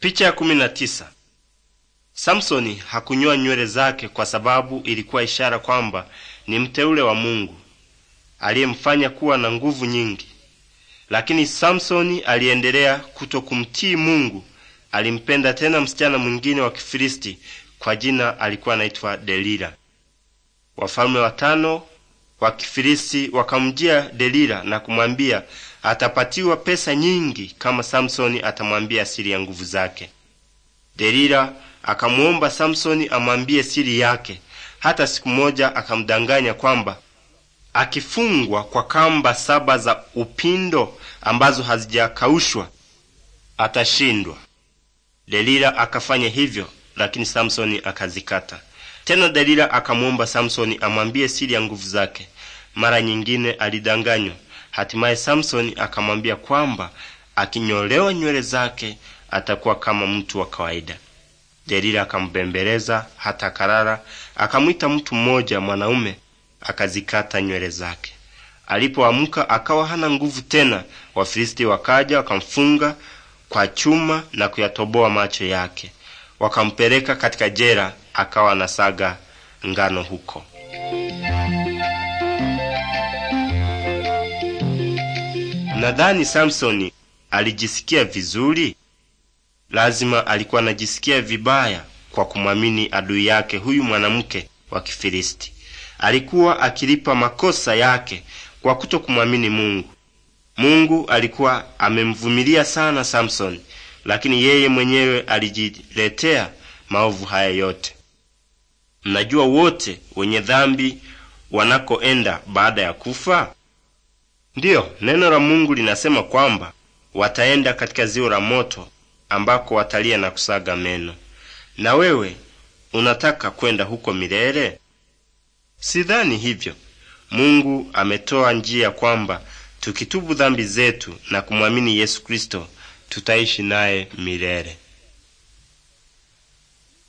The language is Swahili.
Picha ya kumi na tisa. Samsoni hakunyoa nywele zake kwa sababu ilikuwa ishara kwamba ni mteule wa Mungu aliyemfanya kuwa na nguvu nyingi, lakini Samsoni aliendelea kuto kumtii Mungu. Alimpenda tena msichana mwingine wa Kifilisti kwa jina alikuwa anaitwa Delila. Wafalme watano wa Kifilisi wakamjia Delila na kumwambia atapatiwa pesa nyingi kama Samsoni atamwambia siri ya nguvu zake. Delila akamwomba Samsoni amwambie siri yake. Hata siku moja akamdanganya kwamba akifungwa kwa kamba saba za upindo ambazo hazijakaushwa atashindwa. Delila akafanya hivyo, lakini Samsoni akazikata. Tena Dalila akamwomba Samsoni amwambie siri ya nguvu zake. Mara nyingine alidanganywa. Hatimaye Samsoni akamwambia kwamba akinyolewa nywele zake atakuwa kama mtu wa kawaida. Delila akambembeleza hata akalala. Akamwita mtu mmoja mwanaume akazikata nywele zake. Alipoamka akawa hana nguvu tena. Wafilisti wakaja wakamfunga kwa chuma na kuyatoboa macho yake, wakampeleka katika jela akawa anasaga ngano huko. Nadhani Samsoni alijisikia vizuri. Lazima alikuwa anajisikia vibaya kwa kumwamini adui yake huyu mwanamke wa Kifilisti. Alikuwa akilipa makosa yake kwa kuto kumwamini Mungu. Mungu alikuwa amemvumilia sana Samsoni, lakini yeye mwenyewe alijiletea maovu haya yote mnajua wote wenye dhambi wanakoenda baada ya kufa? Ndiyo, neno la Mungu linasema kwamba wataenda katika ziwa la moto ambako watalia na kusaga meno. Na wewe unataka kwenda huko milele? Sidhani hivyo. Mungu ametoa njia kwamba tukitubu dhambi zetu na kumwamini Yesu Kristo tutaishi naye milele.